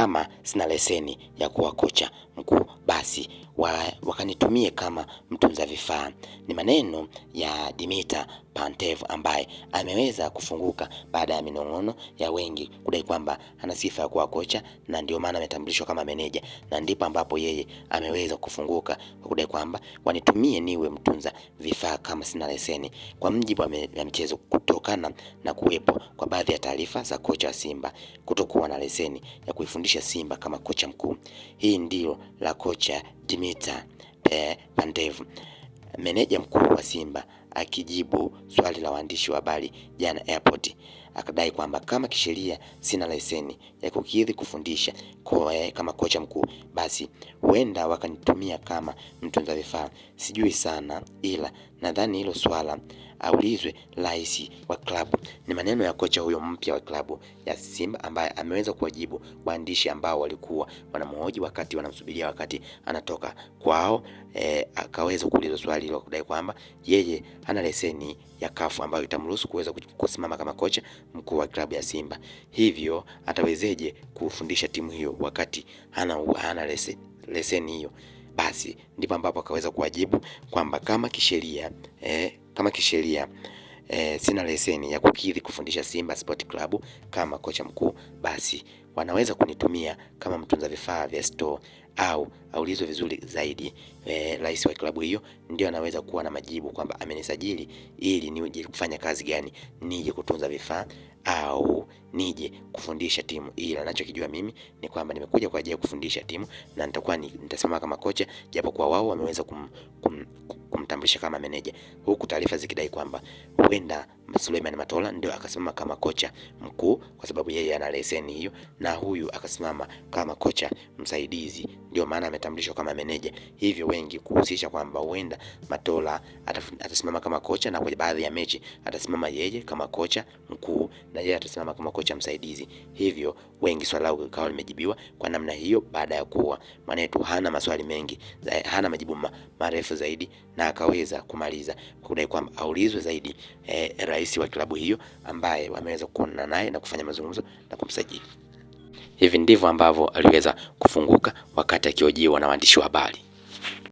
kama sina leseni ya kuwa kocha mkuu, basi wa, wakanitumie kama mtunza vifaa. Ni maneno ya Dimitar Pantev ambaye ameweza kufunguka baada ya minong'ono ya wengi kudai kwamba ana sifa ya kuwa kocha na ndio maana ametambulishwa kama meneja, na ndipo ambapo yeye ameweza kufunguka kwa kudai kwamba wanitumie niwe mtunza vifaa kama sina leseni, kwa mjibu wa mchezo, kutokana na kuwepo kwa baadhi ya taarifa za kocha wa Simba kutokuwa na leseni ya kuifundisha Simba kama kocha mkuu. Hii ndio la kocha Dimitar Pandev, eh, meneja mkuu wa Simba akijibu swali la waandishi wa habari jana airport, akadai kwamba kama kisheria sina leseni ya kukidhi kufundisha koe, eh, kama kocha mkuu, basi huenda wakanitumia kama mtunza vifaa. Sijui sana, ila nadhani hilo swala aulizwe rais wa klabu. Ni maneno ya kocha huyo mpya wa klabu ya Simba ambaye ameweza kuwajibu waandishi ambao walikuwa wanamhoji wakati wanamsubiria wakati anatoka kwao. E, akaweza kuulizwa swali hilo kudai kwamba yeye hana leseni ya kafu ambayo itamruhusu kuweza kusimama kama kocha mkuu wa klabu ya Simba. Hivyo atawezeje kufundisha timu hiyo wakati hana, hana leseni, leseni hiyo? Basi ndipo ambapo akaweza kuwajibu kwamba kama kisheria eh, kama kisheria eh, sina leseni ya kukidhi kufundisha Simba Sport Club kama kocha mkuu, basi wanaweza kunitumia kama mtunza vifaa vya store au aulizwe vizuri zaidi e, rais wa klabu hiyo ndio anaweza kuwa na majibu kwamba amenisajili ili nije kufanya kazi gani, nije kutunza vifaa au nije kufundisha timu, ila anachokijua mimi ni kwamba nimekuja kwa ajili ya kufundisha timu na nitakuwa nitasimama kama kocha, japokuwa wao wameweza kum, kum, kum kujitambulisha kama meneja, huku taarifa zikidai kwamba huenda Suleiman Matola ndio akasimama kama kocha mkuu kwa sababu yeye ana leseni hiyo, na huyu akasimama kama kocha msaidizi ndio maana ametambulishwa kama meneja, hivyo wengi kuhusisha kwamba huenda Matola atasimama kama kocha na kwa baadhi ya mechi atasimama yeye kama kocha mkuu na yeye atasimama kama kocha msaidizi. Hivyo wengi swala lao likawa limejibiwa kwa namna hiyo, baada ya kuwa yetu hana maswali mengi, hana majibu marefu zaidi, na akaweza kumaliza kudai kwamba aulizwe zaidi eh, rais wa klabu hiyo ambaye wameweza kuonana naye na kufanya mazungumzo na kumsajili. Hivi ndivyo ambavyo aliweza kufunguka wakati akiojiwa na waandishi wa habari.